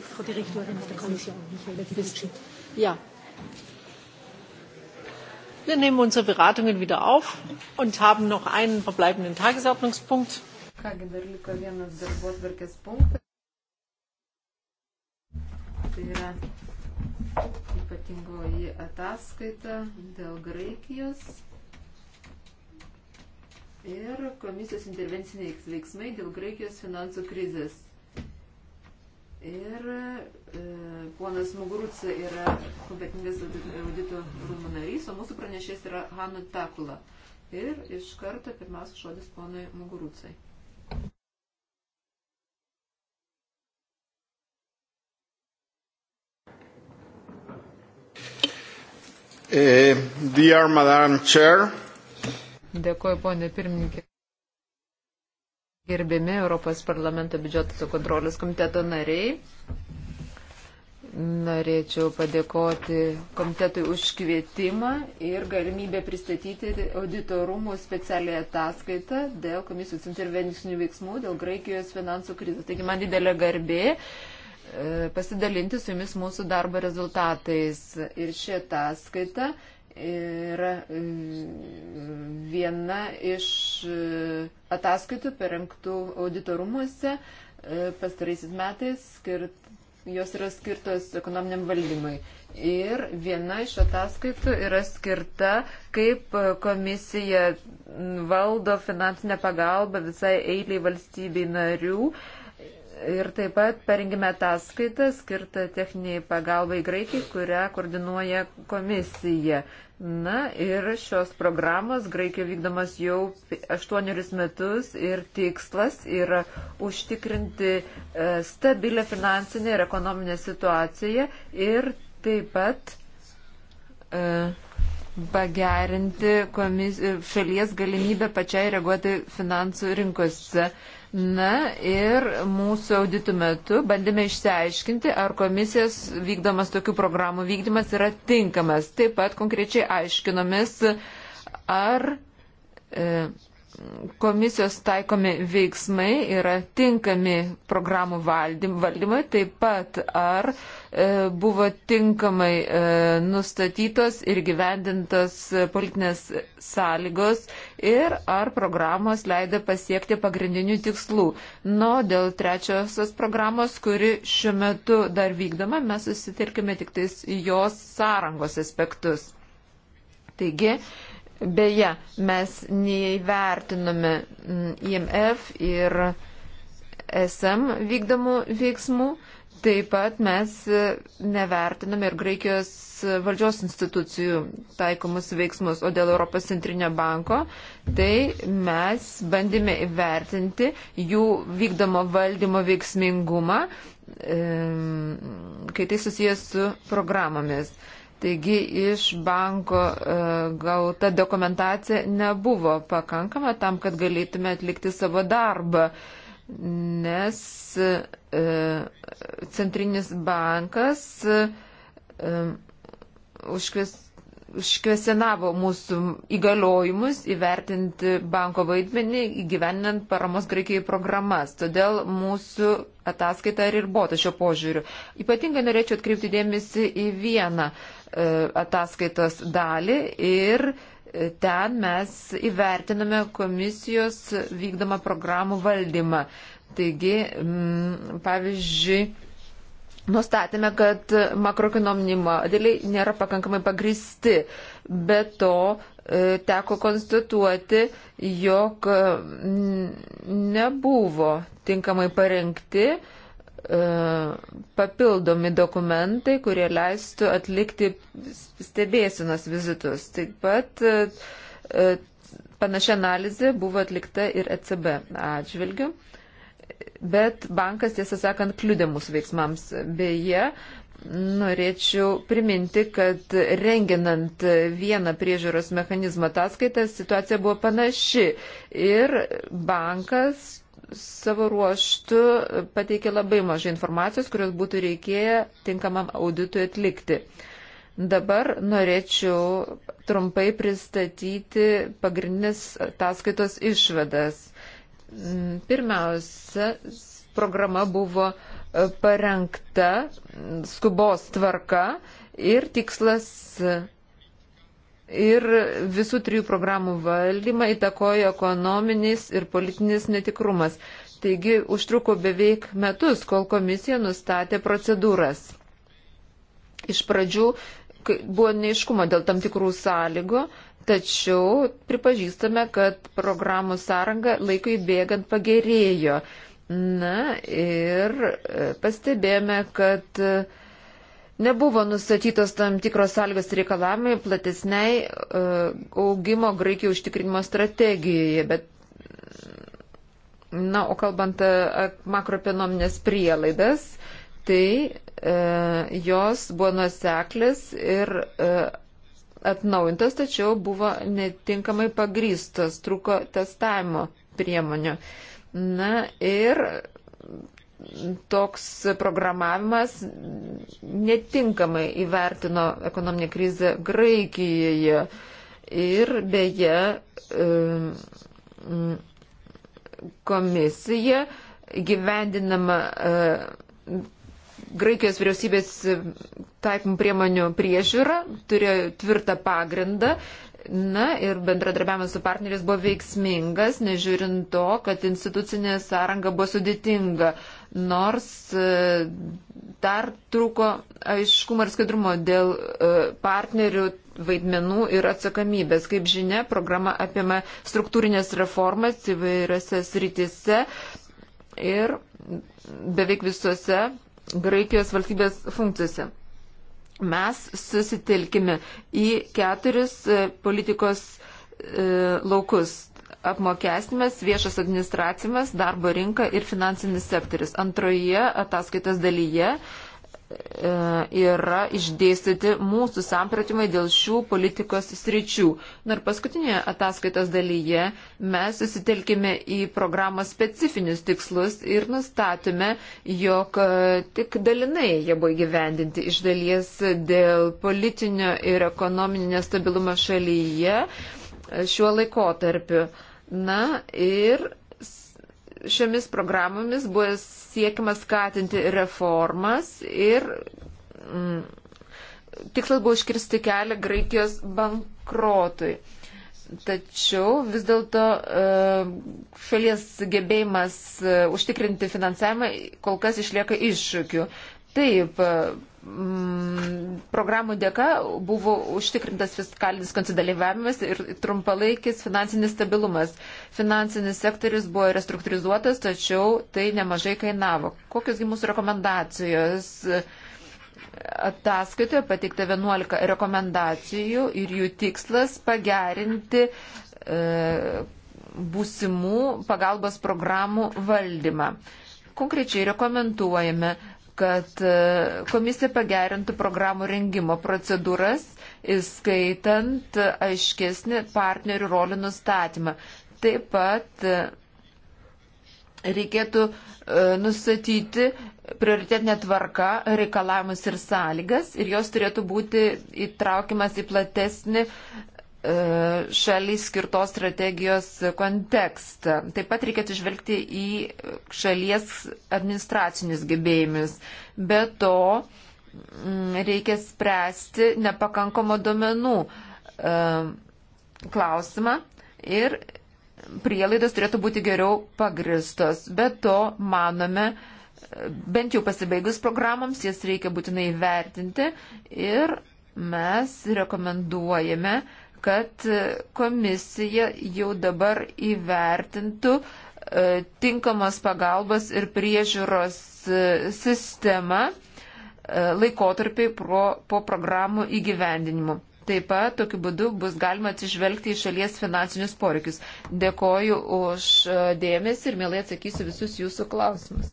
Frau Direktorin der Kommission, Michaela Kivitschik. Ja. Wir nehmen unsere Beratungen wieder auf und haben noch einen verbleibenden Tagesordnungspunkt. Kągi, dar liko vienas darbotvarkės punktas. Tai yra ypatingoji ataskaita dėl Graikijos ir komisijos intervenciniai veiksmai dėl Graikijos finansų krizės. Ir e, ponas Muguruca yra kompetingas audito rūmų narys, o mūsų pranešės yra Hanu Takula. Ir iš karto pirmiausia žodis ponui Mugurucai. Eh, dear Madam Chair, Dėkuoju, ponė pirmininkė. Gerbiami Europos parlamento biudžeto kontrolės komiteto nariai, norėčiau padėkoti komitetui už kvietimą ir galimybę pristatyti auditorumų specialią ataskaitą dėl komisijos intervencinių veiksmų, dėl Graikijos finansų krizės. Taigi man didelė garbė e, pasidalinti su jumis mūsų darbo rezultatais. Ir ši ataskaita yra e, viena iš e, ataskaitų perengtų auditorumuose e, pastaraisiais metais skirt, jos yra skirtos ekonominiam valdymui. Ir viena iš ataskaitų yra skirta, kaip komisija valdo finansinę pagalbą visai eiliai valstybei narių. Ir taip pat parengime ataskaitą skirtą techniniai pagalbai Graikijai, kurią koordinuoja komisija. Na ir šios programos Graikijoje vykdomas jau aštuonerius metus ir tikslas yra užtikrinti e, stabilę finansinę ir ekonominę situaciją ir taip pat e, pagerinti e, šalies galimybę pačiai reaguoti finansų rinkose. Na ir mūsų auditų metu bandėme išsiaiškinti, ar komisijos vykdomas tokių programų vykdymas yra tinkamas. Taip pat konkrečiai aiškinomis, ar. E, komisijos taikomi veiksmai yra tinkami programų valdymai, taip pat ar e, buvo tinkamai e, nustatytos ir gyvendintos politinės sąlygos ir ar programos leido pasiekti pagrindinių tikslų. Nu, dėl trečiosios programos, kuri šiuo metu dar vykdoma, mes susitelkime tik tais jos sąrangos aspektus. Taigi, Beje, mes neįvertinome mm, IMF ir SM vykdomų veiksmų, taip pat mes e, nevertiname ir Graikijos valdžios institucijų taikomus veiksmus, o dėl Europos centrinio banko, tai mes bandėme įvertinti jų vykdomo valdymo veiksmingumą, kai tai susijęs su programomis. Taigi iš banko e, gauta dokumentacija nebuvo pakankama tam, kad galėtume atlikti savo darbą, nes e, centrinis bankas e, užkvis iškvesenavo mūsų įgaliojimus įvertinti banko vaidmenį įgyveninant paramos Graikijai programas. Todėl mūsų ataskaita ir ribota šio požiūriu. Ypatingai norėčiau atkreipti dėmesį į vieną e, ataskaitos dalį ir e, ten mes įvertiname komisijos vykdomą programų valdymą. Taigi, pavyzdžiui, nustatėme, kad makroekonominiai modeliai nėra pakankamai pagristi. Be to, e, teko konstatuoti, jog e, nebuvo tinkamai parengti e, papildomi dokumentai, kurie leistų atlikti stebėsinos vizitus. Taip pat panašia analizė buvo atlikta ir ECB atžvilgiu bet bankas, tiesą sakant, kliūdė mūsų veiksmams. Beje, norėčiau priminti, kad renginant vieną priežiūros mechanizmą ataskaitą, situacija buvo panaši ir bankas savo ruoštų pateikė labai mažai informacijos, kurios būtų reikėję tinkamam auditui atlikti. Dabar norėčiau trumpai pristatyti pagrindinės ataskaitos išvadas. Pirmiausia, programa buvo e, parengta skubos tvarka ir tikslas ir visų trijų programų valdymą įtakojo ekonominis ir politinis netikrumas. Taigi užtruko beveik metus, kol komisija nustatė procedūras. Iš pradžių buvo neiškumo dėl tam tikrų sąlygų, tačiau pripažįstame, kad programų sąranga laikui bėgant pagerėjo. Na ir e, pastebėjome, kad e, nebuvo nustatytos tam tikros sąlygos reikalavimai platesniai e, augimo Graikijų užtikrinimo strategijoje, bet. Na, o kalbant makroekonominės prielaidas, tai e, jos buvo nuseklis ir e, atnaujintas, tačiau buvo netinkamai pagrystas, truko testavimo priemonių. Na ir toks programavimas netinkamai įvertino ekonominę krizę Graikijoje. Ir beje, komisija gyvendinama Graikijos vyriausybės e, taikymų priemonių priežiūra turėjo tvirtą pagrindą. Na ir bendradarbiavimas su partneriais buvo veiksmingas, nežiūrint to, kad institucinė sąranga buvo sudėtinga, nors e, dar trūko aiškumo ir skaidrumo dėl e, partnerių vaidmenų ir atsakomybės. Kaip žinia, programa apima struktūrinės reformas įvairiose sritise ir beveik visose Graikijos valstybės funkcijose. Mes susitelkime į keturis e, politikos e, laukus apmokestimas, viešas administracimas, darbo rinka ir finansinis sektoris. Antroje ataskaitos dalyje E, yra išdėstyti mūsų sampratimai dėl šių politikos sričių. Na ir paskutinėje ataskaitos dalyje mes susitelkime į programos specifinius tikslus ir nustatome, jog e, tik dalinai jie buvo įgyvendinti iš dalies dėl politinio ir ekonominio nestabilumo šalyje e, šiuo laikotarpiu. Na ir šiomis programomis buvo siekiama skatinti reformas ir mm, tikslas buvo iškirsti kelią Graikijos bankrotui. Tačiau vis dėlto e, šalies gebėjimas e, užtikrinti finansavimą kol kas išlieka iššūkiu. Taip, Mm, programų dėka buvo užtikrintas fiskalinis konsidalyvavimas ir trumpalaikis finansinis stabilumas. Finansinis sektorius buvo restruktūrizuotas, tačiau tai nemažai kainavo. Kokiosgi mūsų rekomendacijos? Ataskaitoje pateikta 11 rekomendacijų ir jų tikslas pagerinti e, būsimų pagalbos programų valdymą. Konkrečiai rekomenduojame kad e, komisija pagerintų programų rengimo procedūras, įskaitant aiškesnį partnerių rolių nustatymą. Taip pat e, reikėtų e, nustatyti prioritetinę tvarką, reikalavimus ir sąlygas ir jos turėtų būti įtraukiamas į platesnį E, šaliai skirtos strategijos kontekstą. Taip pat reikia atsižvelgti į šalies administracinius gebėjimus. Be to, reikia spręsti nepakankamo domenų e, klausimą ir prielaidos turėtų būti geriau pagristos. Be to, manome, bent jau pasibaigus programams, jas reikia būtinai vertinti ir mes rekomenduojame, kad komisija jau dabar įvertintų e, tinkamos pagalbos ir priežiūros e, sistemą e, laikotarpiai pro, po programų įgyvendinimu. Taip pat tokiu būdu bus galima atsižvelgti į šalies finansinius poreikius. Dėkoju už dėmesį ir mielai atsakysiu visus jūsų klausimus.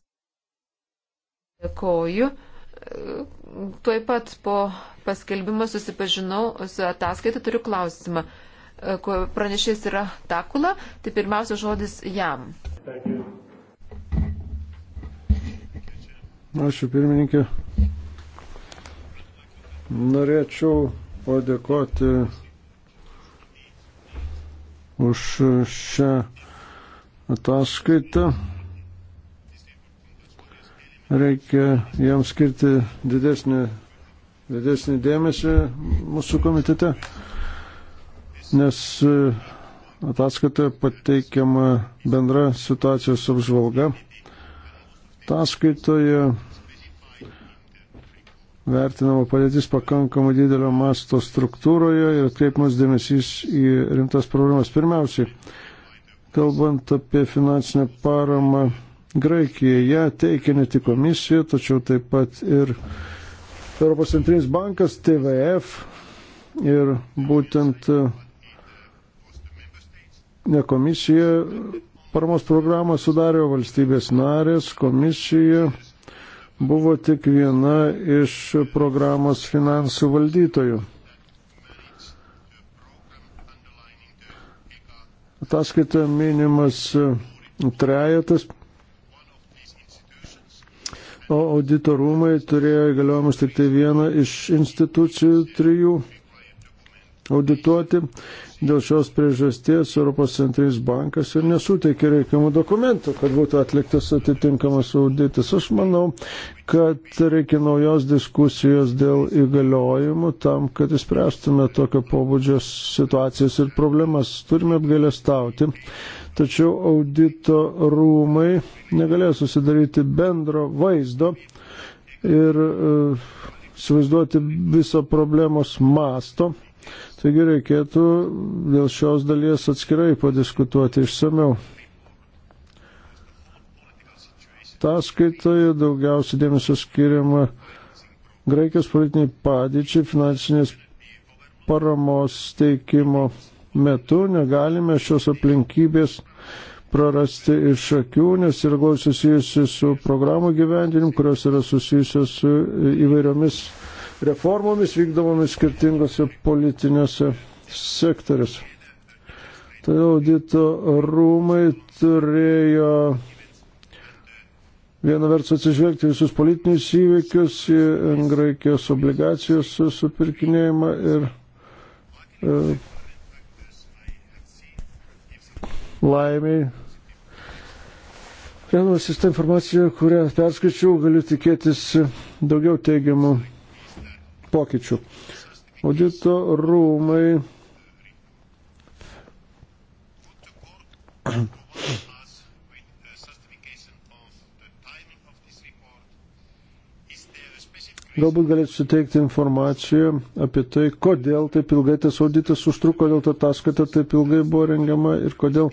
Dėkoju tuoj pat po paskelbimo susipažinau su ataskaita, turiu klausimą. Pranešės yra Takula, tai pirmiausia žodis jam. Ačiū pirmininkė. Norėčiau padėkoti už šią ataskaitą. Reikia jam skirti didesnį, didesnį dėmesį mūsų komitete, nes e, ataskaitoje pateikiama bendra situacijos apžvalga. Ataskaitoje vertinama padėtis pakankamai didelio masto struktūroje ir atkreipimas dėmesys į rimtas problemas. Pirmiausiai, kalbant apie finansinę paramą Graikija ją teikia ne tik komisija, tačiau taip pat ir Europos centrinis bankas, TVF ir būtent e, ne komisija paramos programą sudarė valstybės narės, komisija buvo tik viena iš programos finansų valdytojų. Ataskaitoje minimas e, trejetas o auditorumai turėjo įgaliojimus tik tai vieną iš institucijų trijų audituoti. Dėl šios priežasties Europos centrinis bankas ir nesuteikė reikiamų dokumentų, kad būtų atliktas atitinkamas auditas. Aš manau, kad reikia naujos diskusijos dėl įgaliojimų tam, kad įspręstume tokio pobūdžio situacijas ir problemas. Turime apgalėstauti, tačiau audito rūmai negalėjo susidaryti bendro vaizdo ir e, įsivaizduoti viso problemos masto. Taigi reikėtų dėl šios dalies atskirai padiskutuoti išsameu. Ataskaitoje daugiausiai dėmesio skiriama Graikijos politiniai padėčiai, finansinės paramos teikimo metu negalime šios aplinkybės prarasti iš akių, nes yra glaudžiai susijusi su programų gyvendinim, kurios yra susijusios su įvairiomis reformomis vykdomomis skirtingose politinėse sektoriuose. Tai audito rūmai turėjo viena vertus atsižvelgti visus politinius įvykius, į Graikijos obligacijos supirkinėjimą ir e, laimiai. Remiantis tą informaciją, kurią perskaičiau, galiu tikėtis daugiau teigiamų pokyčių. Audito rūmai Galbūt galėtų suteikti informaciją apie tai, kodėl taip ilgai tas auditas užtruko, kodėl ta ataskaita taip ilgai buvo rengiama ir kodėl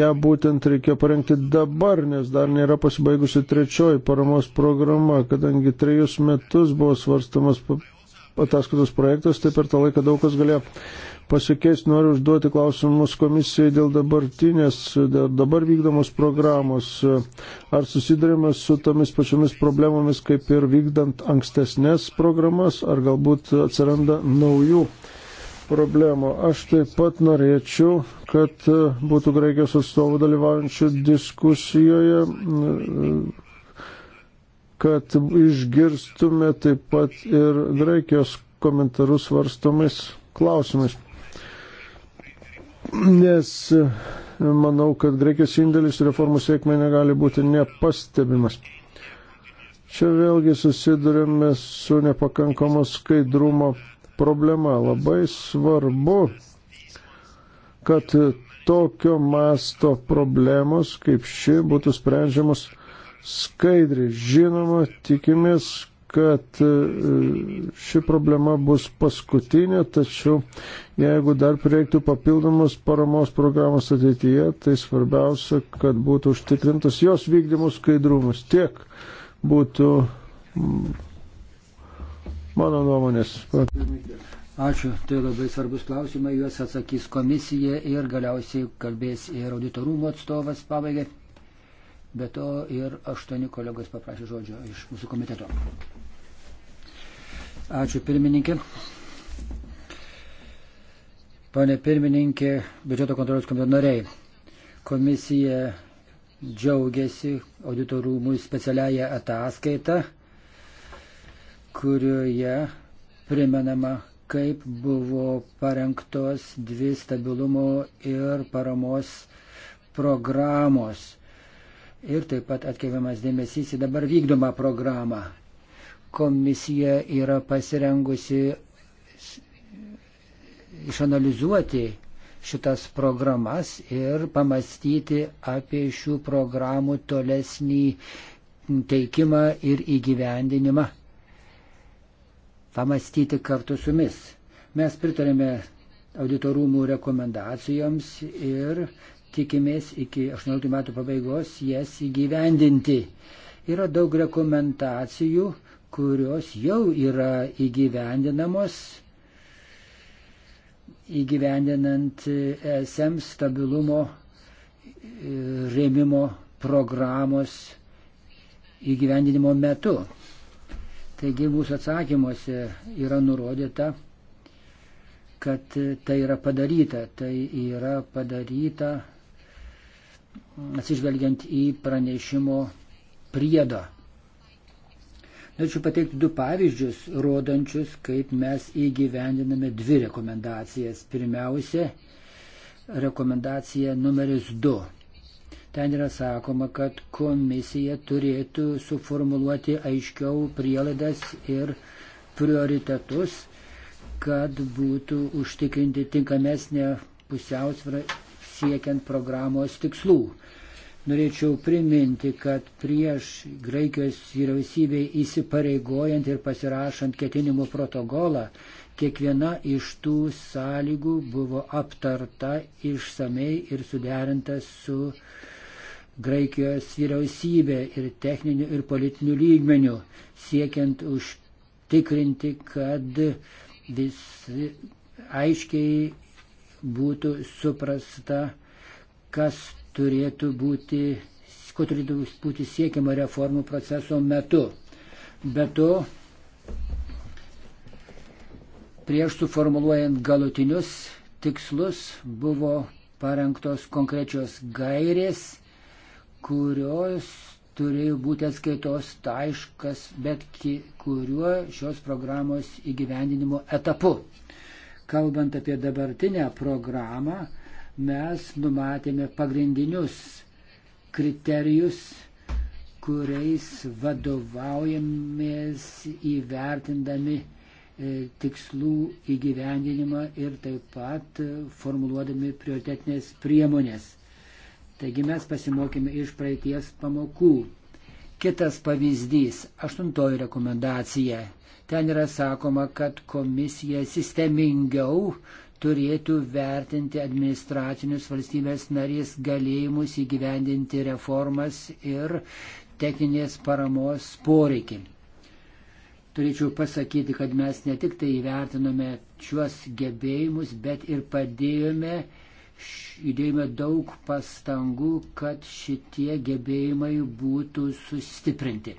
ją būtent reikia parengti dabar, nes dar nėra pasibaigusi trečioji paramos programa, kadangi trejus metus buvo svarstamas ataskaitos projektas, tai per tą laiką daug kas galėjo pasikeisti. Noriu užduoti klausimus komisijai dėl dabartinės, dėl dabar vykdomos programos. Ar susidurime su tomis pačiomis problemomis, kaip ir vykdant ankstesnės programas, ar galbūt atsiranda naujų problemų. Aš taip pat norėčiau, kad būtų Graikijos atstovų dalyvaujančių diskusijoje kad išgirstume taip pat ir Graikijos komentarus svarstomais klausimais. Nes e, manau, kad Graikijos indėlis reformų sėkmė negali būti nepastebimas. Čia vėlgi susidurėme su nepakankamo skaidrumo problema. Labai svarbu, kad tokio masto problemos kaip ši būtų sprendžiamos skaidri. Žinoma, tikimės, kad e, ši problema bus paskutinė, tačiau jeigu dar prireiktų papildomos paramos programos ateityje, tai svarbiausia, kad būtų užtikrintas jos vykdymus skaidrumas. Tiek būtų mm, mano nuomonės. Ačiū, tai labai svarbus klausimai, juos atsakys komisija ir galiausiai kalbės ir auditorumo atstovas pabaigai. Be to ir aštuoni kolegos paprašė žodžio iš mūsų komiteto. Ačiū pirmininkė. Pane pirmininkė, biudžeto kontrolės komiteto nariai. Komisija džiaugiasi auditorumų specialiają ataskaitą, kurioje primenama, kaip buvo parengtos dvi stabilumo ir paramos programos ir taip pat atkreipiamas dėmesys į dabar vykdomą programą. Komisija yra pasirengusi išanalizuoti šitas programas ir pamastyti apie šių programų tolesnį teikimą ir įgyvendinimą. Pamastyti kartu su mis. Mes pritarėme auditorumų rekomendacijoms ir tikimės iki 18 metų pabaigos jas įgyvendinti. Yra daug rekomendacijų, kurios jau yra įgyvendinamos įgyvendinant ESM stabilumo e, rėmimo programos įgyvendinimo metu. Taigi mūsų atsakymuose yra nurodyta, kad tai yra padaryta. Tai yra padaryta atsižvelgiant į pranešimo priedą. Norėčiau pateikti du pavyzdžius, rodančius, kaip mes įgyvendiname dvi rekomendacijas. Pirmiausia, rekomendacija numeris 2. Ten yra sakoma, kad komisija turėtų suformuluoti aiškiau prielaidas ir prioritetus, kad būtų užtikrinti tinkamesnė pusiausvara siekiant programos tikslų. Norėčiau priminti, kad prieš Graikijos vyriausybei įsipareigojant ir pasirašant ketinimų protokolą, kiekviena iš tų sąlygų buvo aptarta išsamei ir suderinta su Graikijos vyriausybė ir techniniu ir politiniu lygmeniu, siekiant užtikrinti, kad visi aiškiai būtų suprasta, kas turėtų būti, ko turėtų būti siekiama reformų proceso metu. Be to, prieš suformuluojant galutinius tikslus buvo parengtos konkrečios gairės, kurios turėjo būti atskaitos taškas, bet kuriuo šios programos įgyvendinimo etapu. Kalbant apie dabartinę programą, mes numatėme pagrindinius kriterijus, kuriais vadovaujamės įvertindami e, tikslų įgyvendinimą ir taip pat formuluodami prioritetinės priemonės. Taigi mes pasimokėme iš praeities pamokų. Kitas pavyzdys, aštuntoji rekomendacija. Ten yra sakoma, kad komisija sistemingiau turėtų vertinti administracinius valstybės narys galėjimus įgyvendinti reformas ir techninės paramos poreikį. Turėčiau pasakyti, kad mes ne tik tai įvertinome šiuos gebėjimus, bet ir padėjome įdėjome daug pastangų, kad šitie gebėjimai būtų sustiprinti.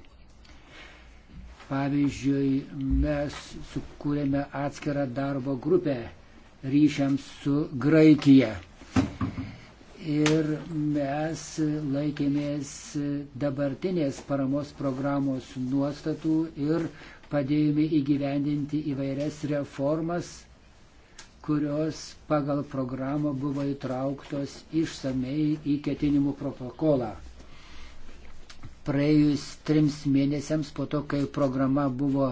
Pavyzdžiui, mes sukūrėme atskirą darbo grupę ryšiams su Graikija. Ir mes laikėmės dabartinės paramos programos nuostatų ir padėjome įgyvendinti įvairias reformas kurios pagal programą buvo įtrauktos išsamei į ketinimų protokolą. Praėjus trims mėnesiams po to, kai programa buvo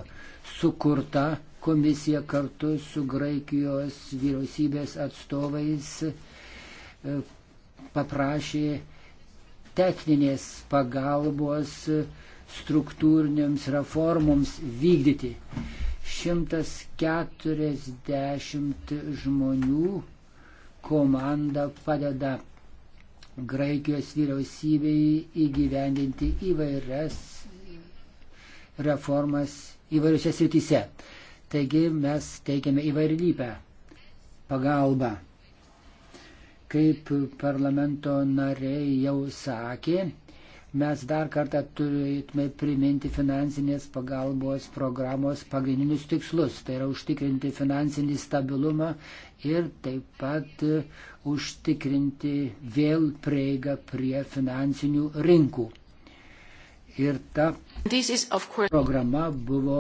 sukurta, komisija kartu su Graikijos vyriausybės atstovais e, paprašė techninės pagalbos struktūrinėms reformoms vykdyti. 140 žmonių komanda padeda Graikijos vyriausybei įgyvendinti įvairias reformas įvairiose srityse. Taigi mes teikiame įvairilypę pagalbą. Kaip parlamento nariai jau sakė, mes dar kartą turėtume priminti finansinės pagalbos programos pagrindinius tikslus. Tai yra užtikrinti finansinį stabilumą ir taip pat e, užtikrinti vėl prieigą prie finansinių rinkų. Ir ta programa buvo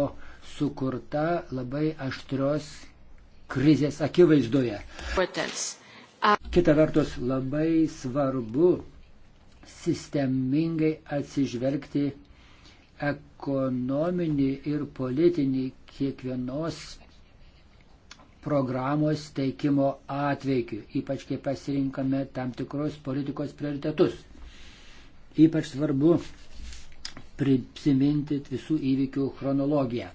sukurta labai aštrios krizės akivaizdoje. Kita vertus, labai svarbu sistemingai atsižvelgti ekonominį ir politinį kiekvienos programos teikimo atveikiu, ypač kai pasirinkame tam tikrus politikos prioritetus. Ypač svarbu prisiminti visų įvykių chronologiją.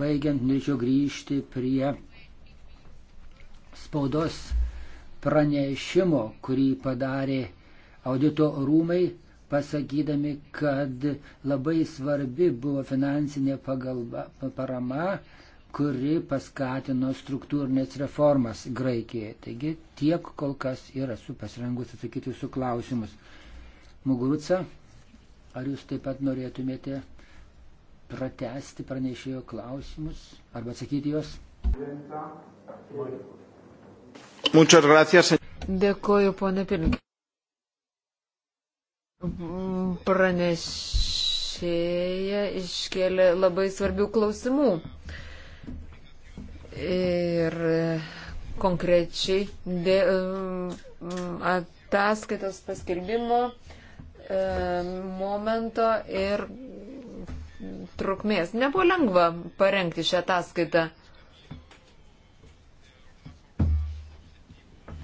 Baigiant, norėčiau grįžti prie spaudos pranešimo, kurį padarė audito rūmai, pasakydami, kad labai svarbi buvo finansinė pagalba, parama, kuri paskatino struktūrinės reformas Graikijoje. Taigi tiek kol kas yra su pasirengus atsakyti su klausimus. Muguruca, ar jūs taip pat norėtumėte pratesti pranešėjo klausimus arba atsakyti juos? Presidenta, Muchas gracias. Dėkoju, ponė Pirinkė. Pranešėja iškėlė labai svarbių klausimų. Ir konkrečiai dėl mm, ataskaitos paskelbimo e, momento ir trukmės. Nebuvo lengva parengti šią ataskaitą.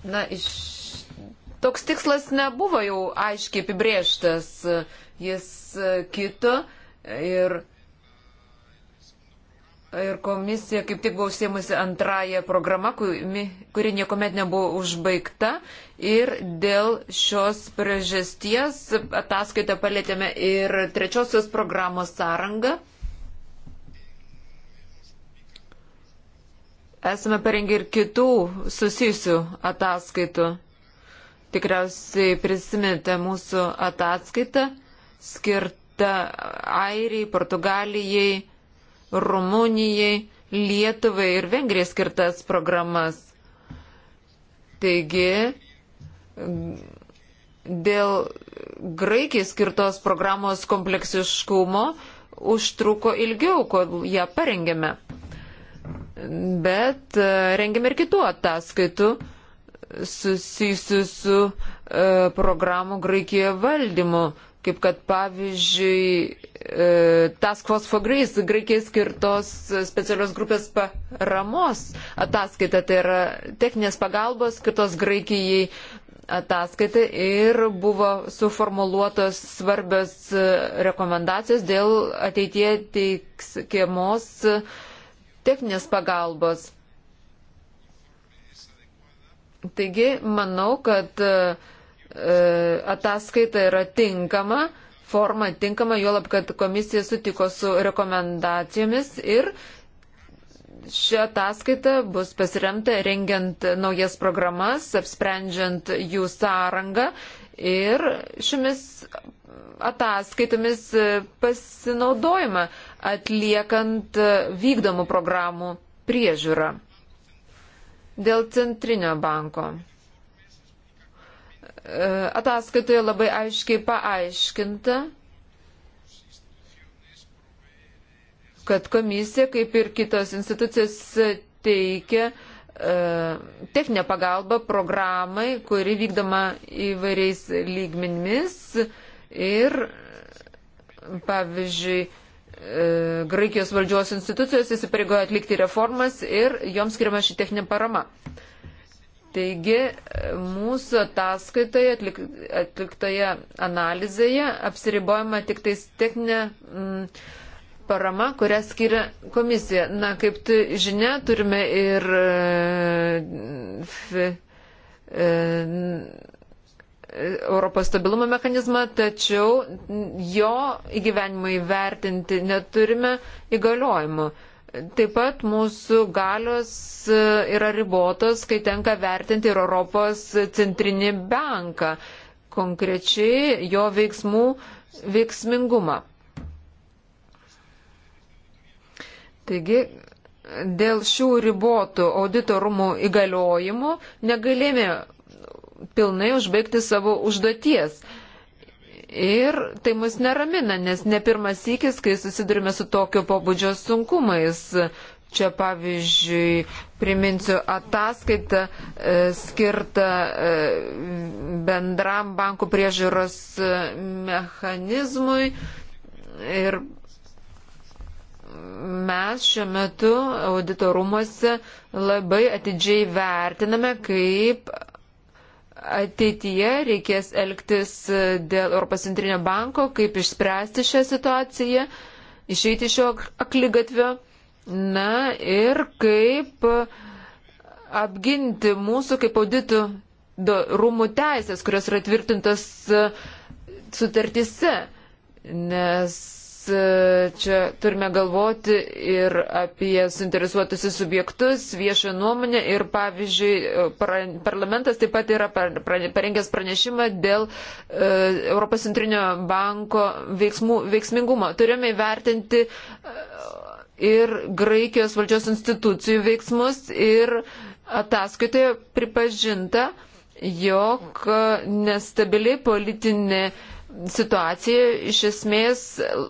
na, iš... toks tikslas nebuvo jau aiškiai apibrėžtas, jis e, kito ir, ir komisija kaip tik buvo užsiemusi antrąją programą, kuri, kuri niekuomet nebuvo užbaigta ir dėl šios priežasties ataskaitą palėtėme ir trečiosios programos sąrangą. Esame parengę ir kitų susijusių ataskaitų. Tikriausiai prisiminate mūsų ataskaitą skirtą Airijai, Portugalijai, Rumunijai, Lietuvai ir Vengrijai skirtas programas. Taigi, dėl Graikijai skirtos programos kompleksiškumo užtruko ilgiau, kol ją parengėme bet e, rengiam ir kitų ataskaitų susijusių su e, programų Graikijoje valdymu, kaip kad pavyzdžiui e, Task Force for Greece, Graikijai skirtos specialios grupės paramos ataskaita, tai yra techninės pagalbos skirtos Graikijai ataskaita ir buvo suformuluotos svarbios e, rekomendacijos dėl ateitie teikiamos techninės pagalbos. Taigi, manau, kad e, e, ataskaita yra tinkama, forma tinkama, juolab, kad komisija sutiko su rekomendacijomis ir šią ataskaitą bus pasiremta rengiant naujas programas, apsprendžiant jų sąrangą ir šiomis ataskaitomis pasinaudojama atliekant vykdomų programų priežiūrą dėl centrinio banko. E, ataskaitoje labai aiškiai paaiškinta, kad komisija, kaip ir kitos institucijos, teikia uh, E, techninė pagalba programai, kuri vykdoma įvairiais lygmenimis ir, pavyzdžiui, e, Graikijos valdžios institucijos įsipareigoja atlikti reformas ir joms skiriama ši techninė parama. Taigi mūsų ataskaitoje, atlik, atliktoje analizėje apsiribojama tik tais techninė. Mm, parama, kurią skiria komisija. Na, kaip tu žinia, turime ir e, e, Europos stabilumo mechanizmą, tačiau jo įgyvenimą įvertinti neturime įgaliojimų. Taip pat mūsų galios e, yra ribotos, kai tenka vertinti ir Europos centrinį banką, konkrečiai jo veiksmų veiksmingumą. Taigi, dėl šių ribotų auditorumų įgaliojimų negalėjome pilnai užbaigti savo užduoties. Ir tai mus neramina, nes ne pirmas įkis, kai susidurime su tokio pobūdžio sunkumais. Čia pavyzdžiui, priminsiu ataskaitą e, skirtą e, bendram bankų priežiūros e, mechanizmui ir mes šiuo metu auditorumuose labai atidžiai vertiname, kaip ateityje reikės elgtis dėl Europos centrinio banko, kaip išspręsti šią situaciją, išeiti iš šio aklygatvio, na ir kaip apginti mūsų kaip auditų rūmų teisės, kurios yra tvirtintos sutartise. Nes E, čia turime galvoti ir apie suinteresuotusius subjektus, viešą nuomonę ir, pavyzdžiui, e, parlamentas taip pat yra parengęs pranešimą dėl e, Europos centrinio banko veiksmų, veiksmingumo. Turime įvertinti ir Graikijos valdžios institucijų veiksmus ir ataskaitoje pripažinta, jog nestabili politinė situacija iš esmės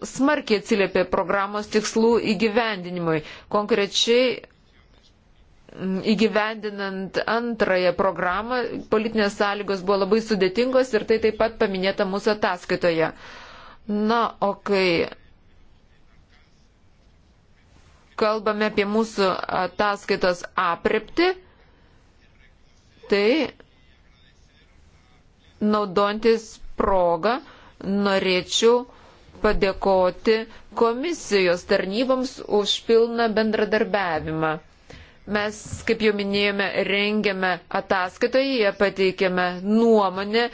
smarkiai atsiliepė programos tikslų įgyvendinimui. Konkrečiai mm, įgyvendinant antrąją programą, politinės sąlygos buvo labai sudėtingos ir tai taip pat paminėta mūsų ataskaitoje. Na, o kai kalbame apie mūsų ataskaitos aprepti, tai naudantis progą norėčiau padėkoti komisijos tarnyboms už pilną bendradarbiavimą. Mes, kaip jau minėjome, rengiame ataskaitoje, pateikėme nuomonę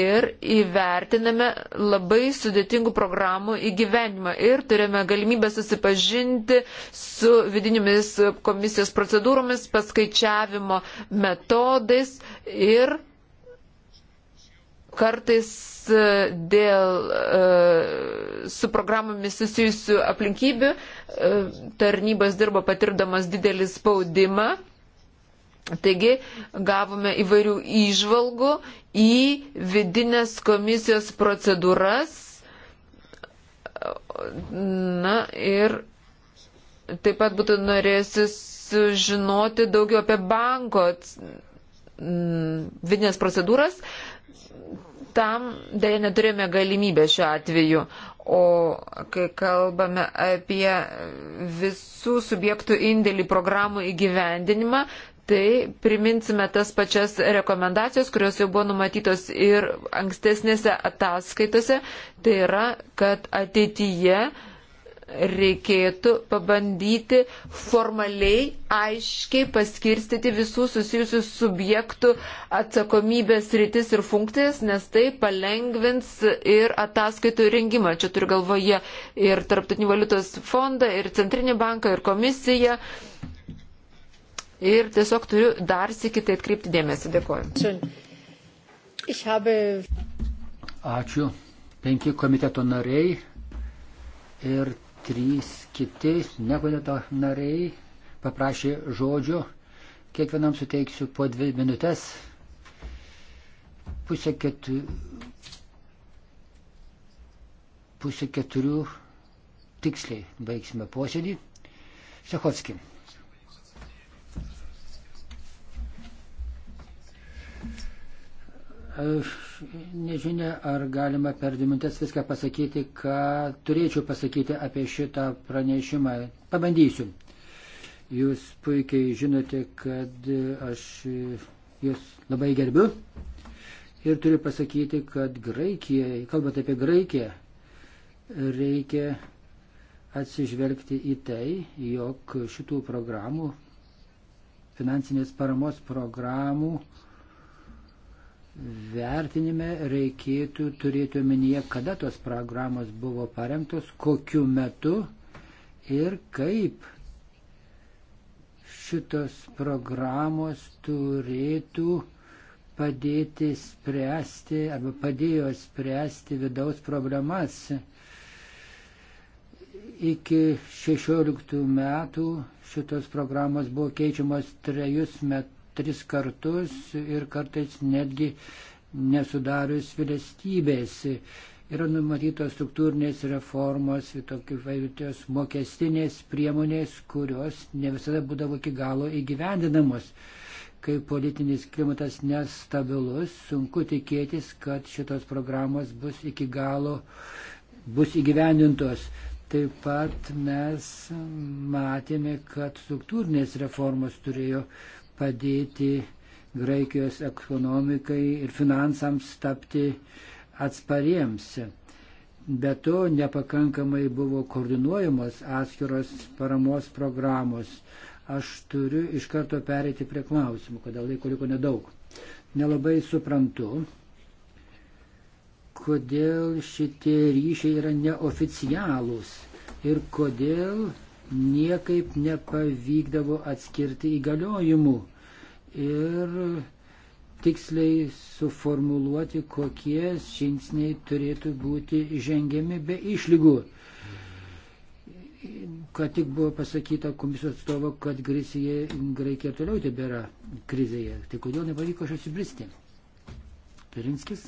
ir įvertiname labai sudėtingų programų įgyvenimą ir turime galimybę susipažinti su vidinėmis komisijos procedūromis, paskaičiavimo metodais ir Kartais e, dėl e, su programomis susijusių aplinkybių e, tarnybos dirbo patirdamas didelį spaudimą. Taigi gavome įvairių įžvalgų į vidinės komisijos procedūras. Na ir taip pat būtų norėjusi sužinoti daugiau apie banko mm, vidinės procedūras tam dėja neturėjome galimybę šiuo atveju. O kai kalbame apie visų subjektų indėlį programų įgyvendinimą, tai priminsime tas pačias rekomendacijas, kurios jau buvo numatytos ir ankstesnėse ataskaitose. Tai yra, kad ateityje reikėtų pabandyti formaliai, aiškiai paskirstyti visų susijusių subjektų atsakomybės rytis ir funkcijas, nes tai palengvins ir ataskaitų rengimą. Čia turiu galvoje ir Tarptautinių valiutos fondą, ir Centrinį banką, ir komisiją. Ir tiesiog turiu dar sikitai atkreipti dėmesį. Dėkuoju. Ačiū. Penki komiteto nariai ir trys kiti nekodeto nariai paprašė žodžio. Kiekvienam suteiksiu po dvi minutės. Pusė, ketu... Pusė keturių tiksliai baigsime posėdį. Sechotski. Aš nežinia, ar galima per dvi minutės viską pasakyti, ką turėčiau pasakyti apie šitą pranešimą. Pabandysiu. Jūs puikiai žinote, kad aš jūs labai gerbiu ir turiu pasakyti, kad Graikijai, kalbant apie Graikiją, reikia atsižvelgti į tai, jog šitų programų, finansinės paramos programų, uh, vertinime reikėtų turėti omenyje, kada tos programos buvo parengtos, kokiu metu ir kaip šitos programos turėtų padėti spręsti arba padėjo spręsti vidaus problemas. Iki 16 metų šitos programos buvo keičiamos trejus metus tris kartus ir kartais netgi nesudarius valstybės. Yra numatytos struktūrinės reformos, tokios mokestinės priemonės, kurios ne visada būdavo iki galo įgyvendinamos. Kai politinis klimatas nestabilus, sunku tikėtis, kad šitos programos bus iki galo bus įgyvendintos. Taip pat mes matėme, kad struktūrinės reformos turėjo uh, padėti Graikijos ekonomikai ir finansams tapti atspariems. Be to nepakankamai buvo koordinuojamos atskiros paramos programos. Aš turiu iš karto pereiti prie klausimų, kodėl laiko liko nedaug. Nelabai suprantu, kodėl šitie ryšiai yra neoficialūs ir kodėl niekaip nepavykdavo atskirti įgaliojimų ir tiksliai suformuluoti, kokie žingsniai turėtų būti žengiami be išlygų. Ką tik buvo pasakyta komisijos atstovo, kad Grisija, Graikija toliau tebėra krizėje. Tai kodėl nepavyko aš atsibristi? Pirinskis.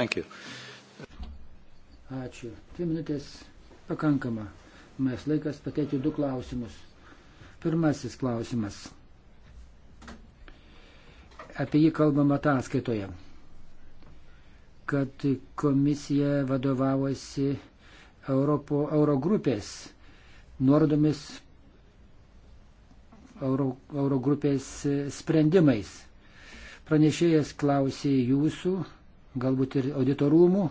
Thank you. Ačiū. Dvi minutės pakankama. Mes laikas pateikti du klausimus. Pirmasis klausimas. Apie jį kalbam ataskaitoje, kad komisija vadovavosi Europo, Eurogrupės nuorodomis Euro, Eurogrupės sprendimais. Pranešėjas klausė jūsų, galbūt ir auditorumų,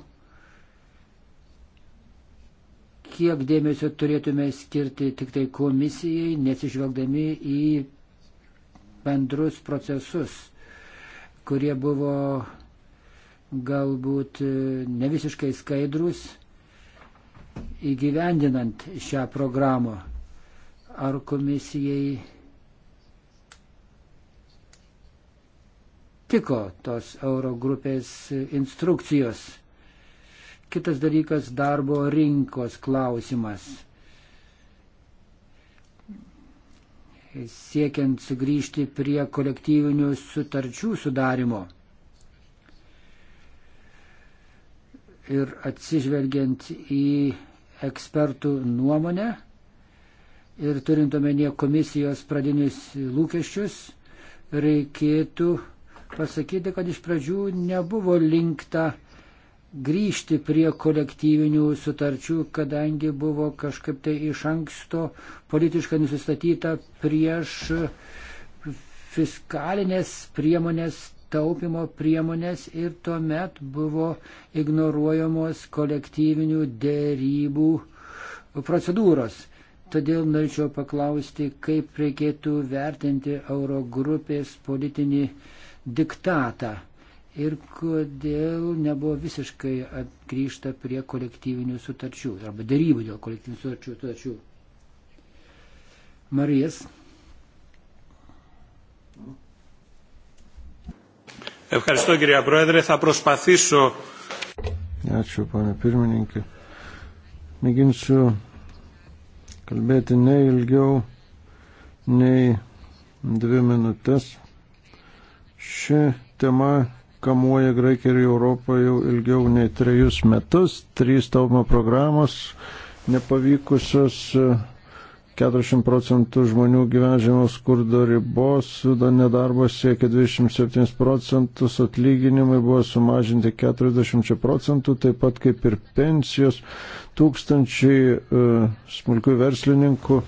kiek dėmesio turėtume skirti tik tai komisijai, nesižvelgdami į bendrus procesus, kurie buvo galbūt e, ne visiškai skaidrus įgyvendinant šią programą. Ar komisijai netitiko tos Eurogrupės instrukcijos. Kitas dalykas - darbo rinkos klausimas. Siekiant sugrįžti prie kolektyvinių sutarčių sudarimo. ir atsižvelgiant į ekspertų nuomonę ir turint omenyje komisijos pradinius lūkesčius, reikėtų pasakyti, kad iš pradžių nebuvo linkta grįžti prie kolektyvinių sutarčių, kadangi buvo kažkaip tai iš anksto politiškai nusistatyta prieš fiskalinės priemonės, taupimo priemonės ir tuomet buvo ignoruojamos kolektyvinių dėrybų procedūros. Todėl norėčiau paklausti, kaip reikėtų vertinti Eurogrupės politinį diktatą ir kodėl nebuvo visiškai atgrįžta prie kolektyvinių sutarčių arba darybų dėl kolektyvinių sutarčių. sutarčių. Marijas. Ευχαριστώ κυρία Πρόεδρε. Θα προσπαθήσω. Ačiū, pane pirmininkė. Mėginsiu kalbėti ne ilgiau nei dvi minutės. Ši tema kamuoja Graikiją ir Europą jau ilgiau nei trejus metus. Trys taupimo programos nepavykusios 40 procentų žmonių gyvenimo skurdo ribos, nedarbas siekia 27 procentus, atlyginimai buvo sumažinti 40 procentų, taip pat kaip ir pensijos. Tūkstančiai uh, smulkių verslininkų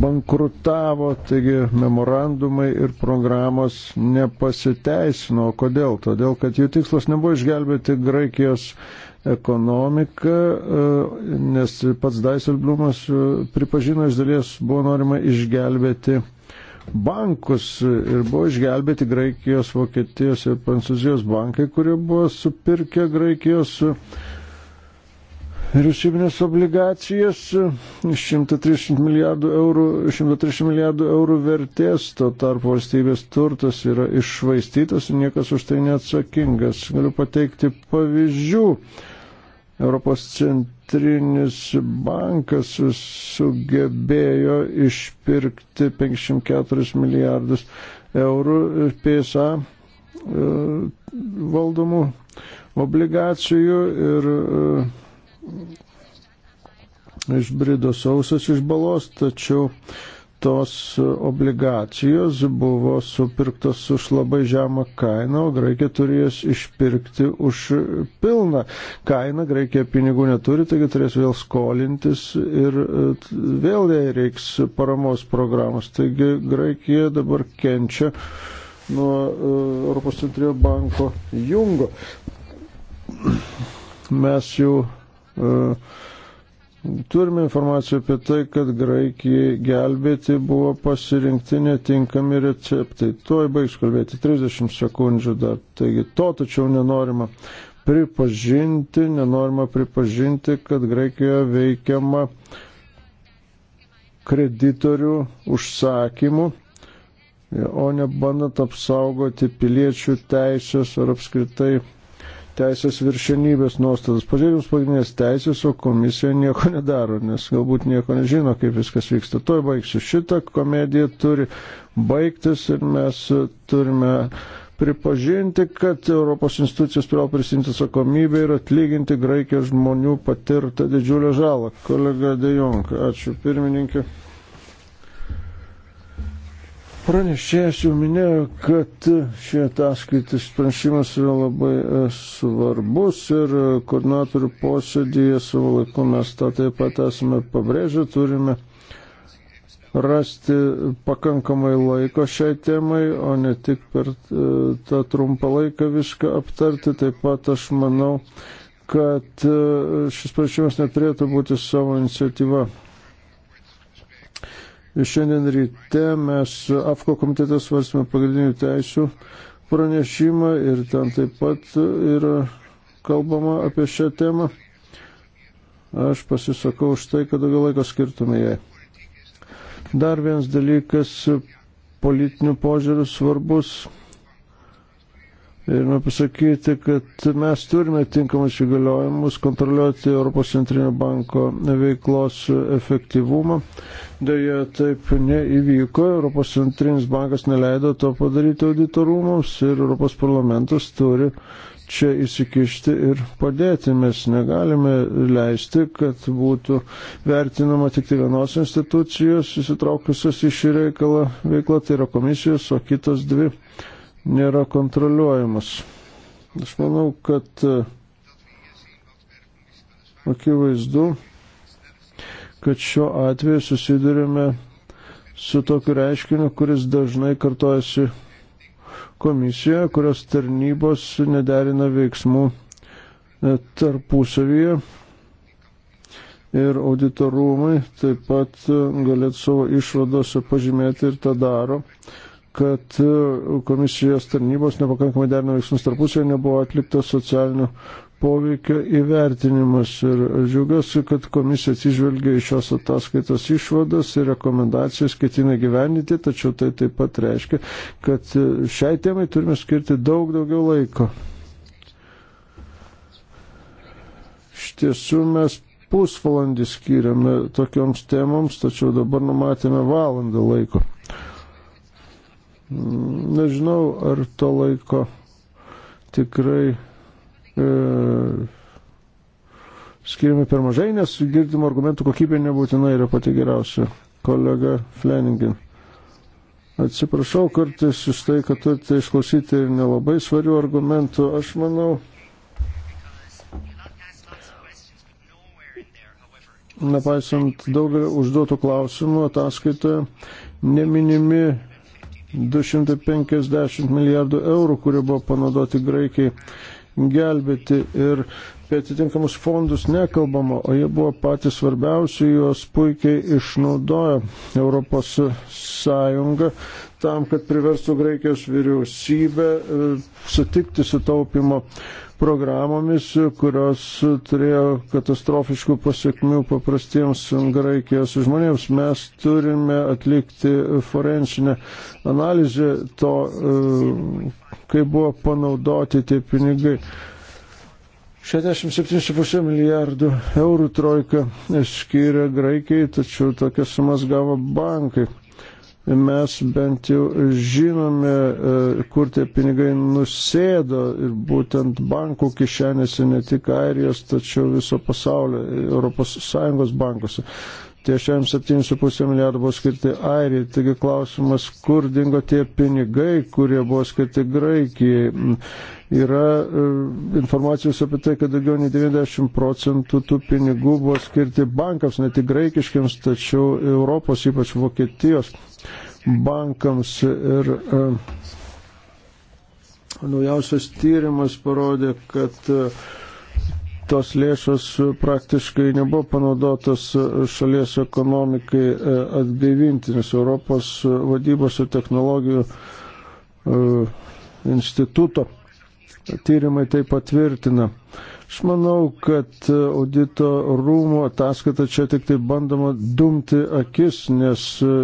bankrutavo, taigi memorandumai ir programos nepasiteisino. Kodėl? Todėl, kad jų tikslas nebuvo išgelbėti Graikijos ekonomiką, e, nes pats Daiselblumas e, pripažino iš dalies buvo norima išgelbėti bankus ir buvo išgelbėti Graikijos, Vokietijos ir Prancūzijos bankai, kurie buvo supirkę Graikijos vyriausybinės obligacijas 130 milijardų eurų, 130 milijardų eurų vertės, to tarp valstybės turtas yra iššvaistytas ir niekas už tai neatsakingas. Galiu pateikti pavyzdžių. Europos centrinis bankas sugebėjo išpirkti 54 milijardus eurų PSA e, valdomų obligacijų ir e, išbrido sausas iš balos, tačiau tos obligacijos buvo supirktos už labai žemą kainą, o Graikija turės išpirkti už pilną kainą. Graikija pinigų neturi, taigi turės vėl skolintis ir e, vėl jai reiks paramos programos. Taigi Graikija dabar kenčia nuo e, Europos centrinio banko jungo. Mes jau E, turime informaciją apie tai, kad Graikijai gelbėti buvo pasirinkti netinkami receptai. Tuoj baigs kalbėti 30 sekundžių dar. Taigi to tačiau nenorima pripažinti, nenorima pripažinti, kad Graikijoje veikiama kreditorių užsakymų, o ne bandant apsaugoti piliečių teisės ar apskritai teisės viršenybės nuostatas. Pažiūrėjus pagrindinės teisės, o komisija nieko nedaro, nes galbūt nieko nežino, kaip viskas vyksta. Tuoj baigsiu. Šitą komediją turi baigtis ir mes turime pripažinti, kad Europos institucijos privalo prisimti atsakomybę ir atlyginti Graikijos žmonių patirtą didžiulę žalą. Kolega Dejonk, ačiū pirmininkė. Pranešėjas jau minėjo, kad šie ataskaitis pranešimas yra labai e, svarbus ir e, koordinatorių posėdėje savo laiku mes tą taip pat esame pabrėžę, turime rasti pakankamai laiko šiai temai, o ne tik per e, tą trumpą laiką viską aptarti. Taip pat aš manau, kad šis pranešimas neturėtų būti savo iniciatyva Šiandien ryte mes AFKO komitetas svarstame pagrindinių teisų pranešimą ir ten taip pat yra kalbama apie šią temą. Aš pasisakau už tai, kad daugiau laiko skirtume jai. Dar vienas dalykas politinių požiūrių svarbus Ir noriu pasakyti, kad mes turime tinkamus įgaliojimus kontroliuoti Europos centrinio banko veiklos efektyvumą. Deja, taip neįvyko. Europos centrinis bankas neleido to padaryti auditorumams ir Europos parlamentas turi čia įsikišti ir padėti. Mes negalime leisti, kad būtų vertinama tik tai vienos institucijos įsitraukusios į šį reikalą veiklą, tai yra komisijos, o kitos dvi nėra kontroliuojamas. Aš manau, kad e, akivaizdu, kad šiuo atveju susidurime su tokiu reiškiniu, kuris dažnai kartojasi komisijoje, kurios tarnybos nederina veiksmų e, tarpusavyje. Ir auditorumai taip pat e, galėtų savo išvadose pažymėti ir tą daro, kad e, komisijos tarnybos nepakankamai derino veiksmus tarpusavį, nebuvo atliktas socialinių poveikio įvertinimas. Ir žiūgiuosi, kad komisija atsižvelgia į šios ataskaitos išvadas ir rekomendacijas ketina gyveninti, tačiau tai taip pat reiškia, kad e, šiai temai turime skirti daug daugiau laiko. Iš tiesų mes pusvalandį skiriame tokioms temoms, tačiau dabar numatėme valandą laiko. Nežinau, ar to laiko tikrai e, skiriame per mažai, nes girdimo argumentų kokybė nebūtinai yra pati geriausia. Kolega Fleningin. Atsiprašau kartais už tai, kad turite išklausyti ir nelabai svarių argumentų. Aš manau, nepaisant daugelį užduotų klausimų ataskaitoje, neminimi 250 milijardų eurų, kurie buvo panaudoti Graikijai gelbėti ir apie atitinkamus fondus nekalbama, o jie buvo patys svarbiausi, juos puikiai išnaudojo Europos Sąjunga, tam, kad priverstų Graikijos vyriausybę e, sutikti su taupimo programomis, kurios turėjo katastrofiškų pasiekmių paprastiems Graikijos žmonėms. Mes turime atlikti forensinę analizę to, e, kaip buvo panaudoti tie pinigai. 67,5 milijardų eurų trojka skyrė Graikijai, tačiau tokias sumas gavo bankai mes bent jau žinome, e, kur tie pinigai nusėdo ir būtent bankų kišenėse ne tik Airijos, tačiau viso pasaulio, ES bankuose tie 7,5 milijardų buvo skirti Airijai. Taigi klausimas, kur dingo tie pinigai, kurie buvo skirti Graikijai. Mm, yra e, informacijos apie tai, kad daugiau nei 90 procentų tų pinigų buvo skirti bankams, ne tik graikiškiams, tačiau Europos, ypač Vokietijos bankams. Ir uh, naujausias tyrimas parodė, kad uh, tos lėšos praktiškai nebuvo panaudotos šalies ekonomikai e, atgaivinti, nes Europos vadybos ir technologijų e, instituto tyrimai tai patvirtina. Aš manau, kad audito rūmų ataskaita čia tik tai bandoma dumti akis, nes e,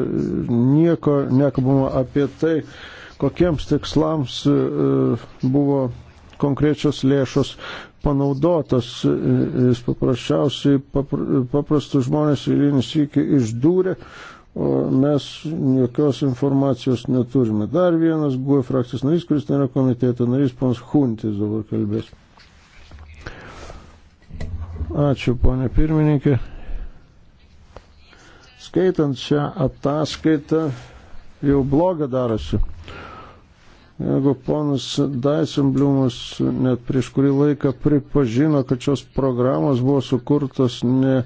nieko nekalbama apie tai, kokiems tikslams buvo konkrečios lėšos panaudotas. E, e, jis paprasčiausiai paprastus žmonės įlinis iki išdūrė, o mes jokios informacijos neturime. Dar vienas buvo e frakcijos narys, kuris nėra komiteto narys, pons Huntis dabar kalbės. Ačiū, ponė pirmininkė. Skaitant šią ataskaitą, jau blogą darosi jeigu ponas Daisenbliumas net prieš kurį laiką pripažino, kad šios programos buvo sukurtos ne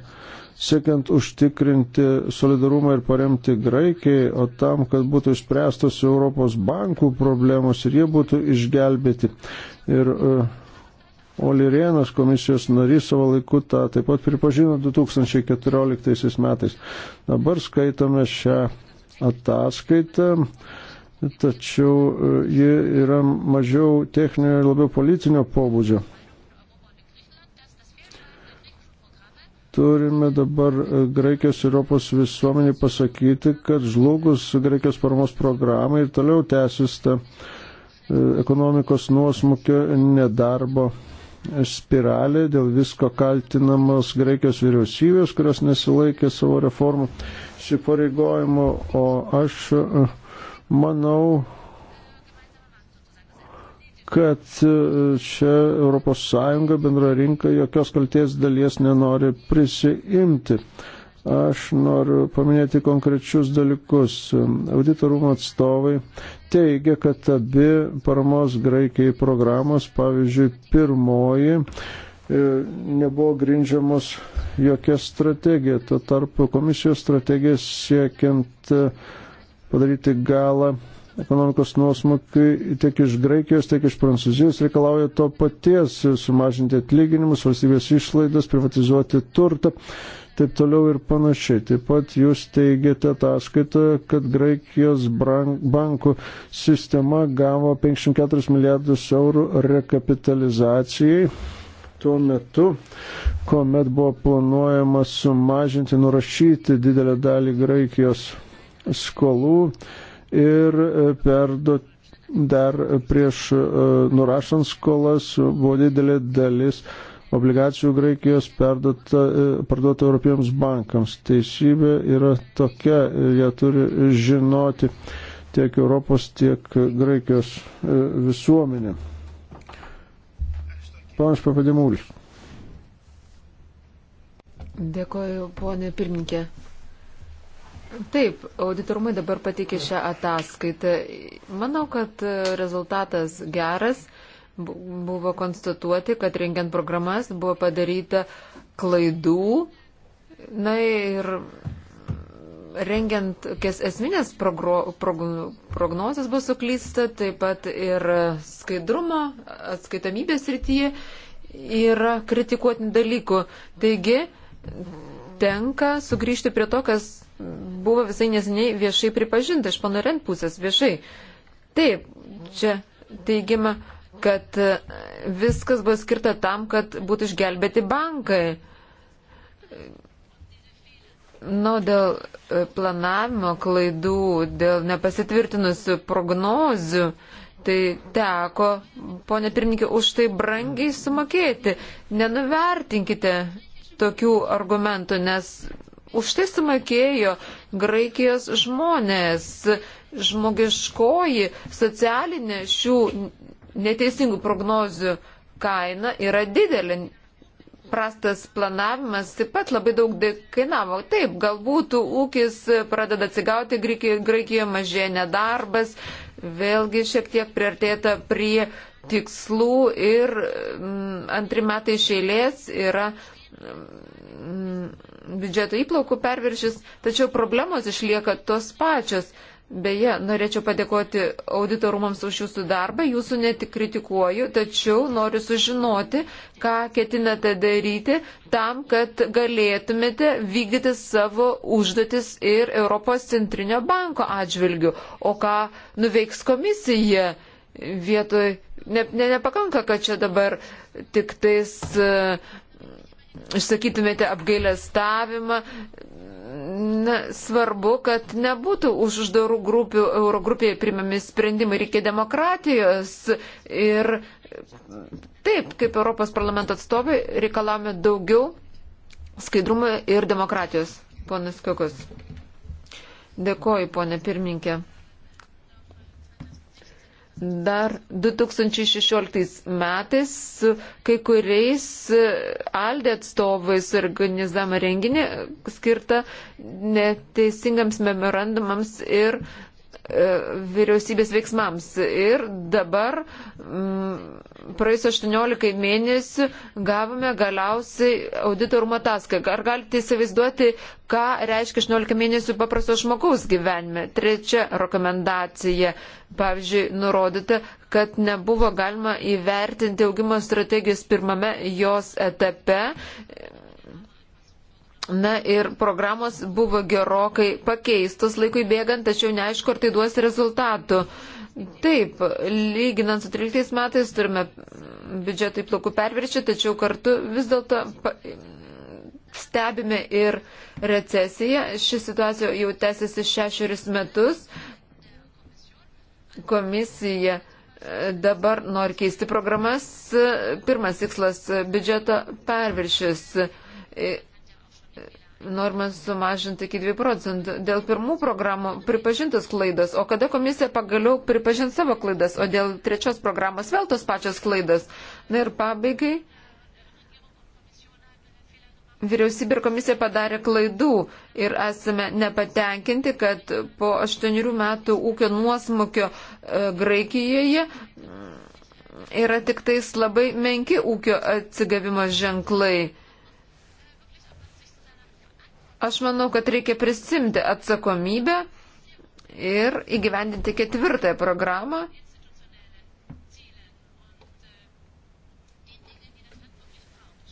siekiant užtikrinti solidarumą ir paremti Graikijai, o tam, kad būtų išspręstos Europos bankų problemos ir jie būtų išgelbėti. Ir uh, e, Olirienas komisijos narys savo laiku tą taip pat pripažino 2014 metais. Dabar skaitome šią ataskaitą. Uh, tačiau e, ji yra mažiau techninio ir labiau politinio pobūdžio. Turime dabar e, Graikijos Europos visuomenį pasakyti, kad žlugus Graikijos paramos programai ir toliau tęsis ta e, ekonomikos nuosmukio nedarbo spiralė, dėl visko kaltinamos Graikijos vyriausybės, kurios nesilaikė savo reformų įsipareigojimo, o aš Manau, kad čia ES bendra rinka jokios kalties dalies nenori prisiimti. Aš noriu paminėti konkrečius dalykus. Auditorumo atstovai teigia, kad abi paramos Graikijai programos, pavyzdžiui, pirmoji, e, nebuvo grindžiamos jokia strategija. Tuo tarpu komisijos strategija siekiant uh, padaryti galą ekonomikos nuosmukiui tiek iš Graikijos, tiek iš Prancūzijos reikalauja to paties - sumažinti atlyginimus, valstybės išlaidas, privatizuoti turtą, taip toliau ir panašiai. Taip pat jūs teigiate ataskaitoje, kad Graikijos bankų sistema gavo 54 milijardus eurų rekapitalizacijai. Tuo metu, kuomet buvo planuojama sumažinti, nurašyti didelę dalį Graikijos skolų ir e, perduoti dar prieš e, nurašant skolas buvo didelė dalis obligacijų Graikijos e, parduota Europiems bankams. Teisybė yra tokia, jie turi žinoti tiek Europos, tiek Graikijos visuomenė. Panas Papadimulis. Dėkoju, ponė pirmininkė. Taip, auditorumai dabar pateikė šią ataskaitą. Manau, kad rezultatas geras. Buvo konstatuoti, kad rengiant programas buvo padaryta klaidų. Na ir rengiant esminės progro, prog, prognozes buvo suklysta, taip pat ir skaidrumo, atskaitomybės rytyje yra kritikuotinų dalykų. Taigi, tenka sugrįžti prie to, kas buvo visai nesiniai viešai pripažinta iš pono Ren pusės viešai. Taip, čia teigiama, kad e, viskas buvo skirta tam, kad būtų išgelbėti bankai. Nu, dėl e, planavimo klaidų, dėl nepasitvirtinusių prognozių, tai teko, ponė pirmininkė, už tai brangiai sumokėti. Nenuvertinkite tokių argumentų, nes už tai sumokėjo Graikijos žmonės. Žmogiškoji socialinė šių neteisingų prognozių kaina yra didelė. Prastas planavimas taip pat labai daug kainavo. Taip, galbūt ūkis pradeda atsigauti, Graikijoje mažėja nedarbas, vėlgi šiek tiek priartėta prie tikslų ir mm, antri metai iš eilės yra mm, biudžeto įplaukų perviršis, tačiau problemos išlieka tos pačios. Beje, norėčiau padėkoti auditorumams už jūsų darbą, jūsų netik kritikuoju, tačiau noriu sužinoti, ką ketinate daryti tam, kad galėtumėte vykdyti savo užduotis ir Europos centrinio banko atžvilgių, o ką nuveiks komisija vietoj, ne, ne, nepakanka, kad čia dabar tik tais uh, išsakytumėte apgailestavimą. Na, svarbu, kad nebūtų už uždarų grupių, eurogrupėje primami sprendimai, reikia demokratijos ir taip, kaip Europos parlamento atstovai, reikalame daugiau skaidrumo ir demokratijos. Ponas Kokas. Dėkoju, ponė pirmininkė dar 2016 metais su kai kuriais e, Aldė atstovais organizavome renginį skirtą neteisingams memorandumams ir E, vyriausybės veiksmams. Ir dabar mm, praėjus 18 mėnesių gavome galiausiai auditorumo taską. Ar galite įsivaizduoti, ką reiškia 18 mėnesių paprasto žmogaus gyvenime? Trečia rekomendacija. Pavyzdžiui, nurodyta, kad nebuvo galima įvertinti augimo strategijos pirmame jos etape Na ir programos buvo gerokai pakeistos laikui bėgant, tačiau neaišku, ar tai duos rezultatų. Taip, lyginant su 13 metais turime biudžeto įplaukų perviršį, tačiau kartu vis dėlto stebime ir recesiją. Ši situacija jau tęsiasi šešerius metus. Komisija e, dabar nori keisti programas. Pirmas tikslas - biudžeto perviršis. E, norima sumažinti iki 2 procentų. Dėl pirmų programų pripažintos klaidos, o kada komisija pagaliau pripažins savo klaidas, o dėl trečios programos vėl tos pačios klaidos. Na ir pabaigai. Vyriausybė ir komisija padarė klaidų ir esame nepatenkinti, kad po aštuonių metų ūkio nuosmukio e, Graikijoje yra tik tais labai menki ūkio atsigavimo ženklai. Aš manau, kad reikia prisimti atsakomybę ir įgyvendinti ketvirtąją programą.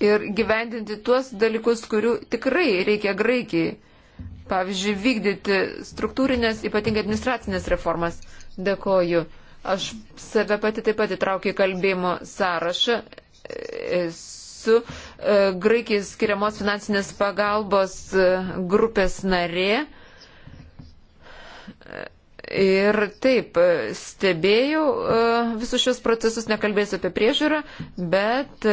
Ir gyvendinti tuos dalykus, kurių tikrai reikia Graikijai. Pavyzdžiui, vykdyti struktūrinės, ypatingai administracinės reformas. Dėkoju. Aš save pati taip pat įtraukiu į kalbėjimo sąrašą. Esu esu e, Graikijai skiriamos finansinės pagalbos e, grupės narė. E, ir taip, stebėjau visus šios procesus, nekalbėsiu apie priežiūrą, bet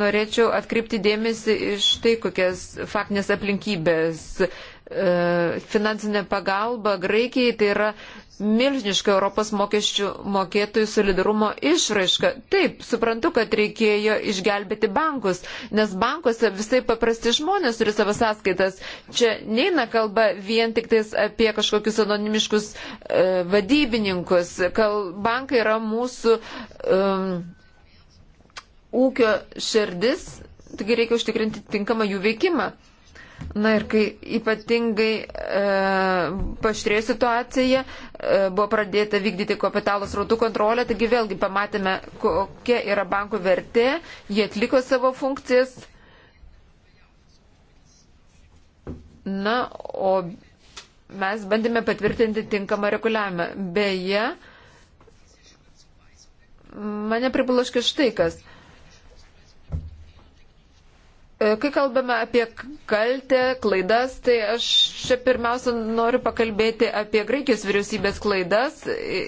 norėčiau atkreipti dėmesį iš tai, kokias faktinės aplinkybės E, finansinė pagalba Graikijai, tai yra milžiniška Europos mokesčių mokėtojų solidarumo išraiška. Taip, suprantu, kad reikėjo išgelbėti bankus, nes bankuose visai paprasti žmonės turi savo sąskaitas. Čia neina kalba vien tik tais apie kažkokius anonimiškus e, vadybininkus. Kal, bankai yra mūsų e, ūkio šerdis, taigi reikia užtikrinti tinkamą jų veikimą. Na ir kai ypatingai e, paštrėjo situacija, e, buvo pradėta vykdyti kapitalo srautų kontrolę, taigi vėlgi pamatėme, kokia yra bankų vertė, jie atliko savo funkcijas. Na, o mes bandėme patvirtinti tinkamą reguliavimą. Beje, mane pribulaškė štai kas. E, kai kalbame apie kaltę, klaidas, tai aš čia pirmiausia noriu pakalbėti apie Graikijos vyriausybės klaidas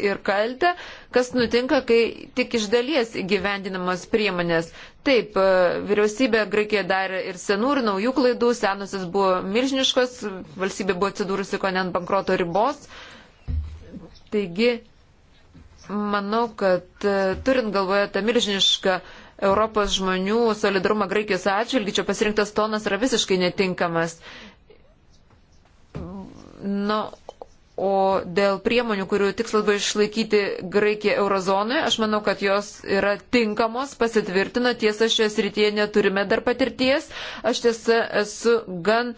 ir kaltę, kas nutinka, kai tik iš dalies įgyvendinamos priemonės. Taip, e, vyriausybė Graikijoje darė ir senų, ir naujų klaidų, senusis buvo milžiniškos, valstybė buvo atsidūrusi ko ne ant bankroto ribos. Taigi, manau, kad e, turint galvoje tą milžinišką uh, Europos žmonių solidarumą Graikijos atžvilgių, čia pasirinktas tonas yra visiškai netinkamas. Na, O dėl priemonių, kurių tikslas buvo išlaikyti Graikiją eurozonoje, aš manau, kad jos yra tinkamos, pasitvirtina, tiesa, šioje srityje neturime dar patirties. Aš tiesa esu gan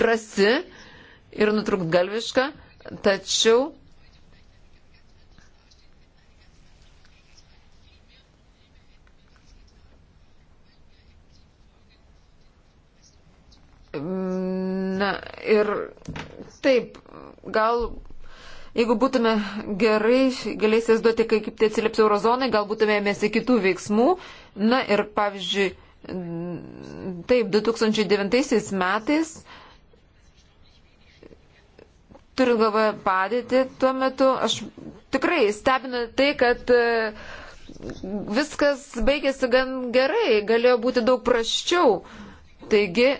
drasi ir nutrūktgalviška, tačiau Na ir taip, gal jeigu būtume gerai, galės įsivaizduoti, kaip tai atsilieps eurozonai, gal būtume ėmėsi kitų veiksmų. Na ir pavyzdžiui, taip, 2009 metais, turint galvoje padėti tuo metu, aš tikrai stebinu tai, kad e, viskas baigėsi gan gerai, galėjo būti daug praščiau. Taigi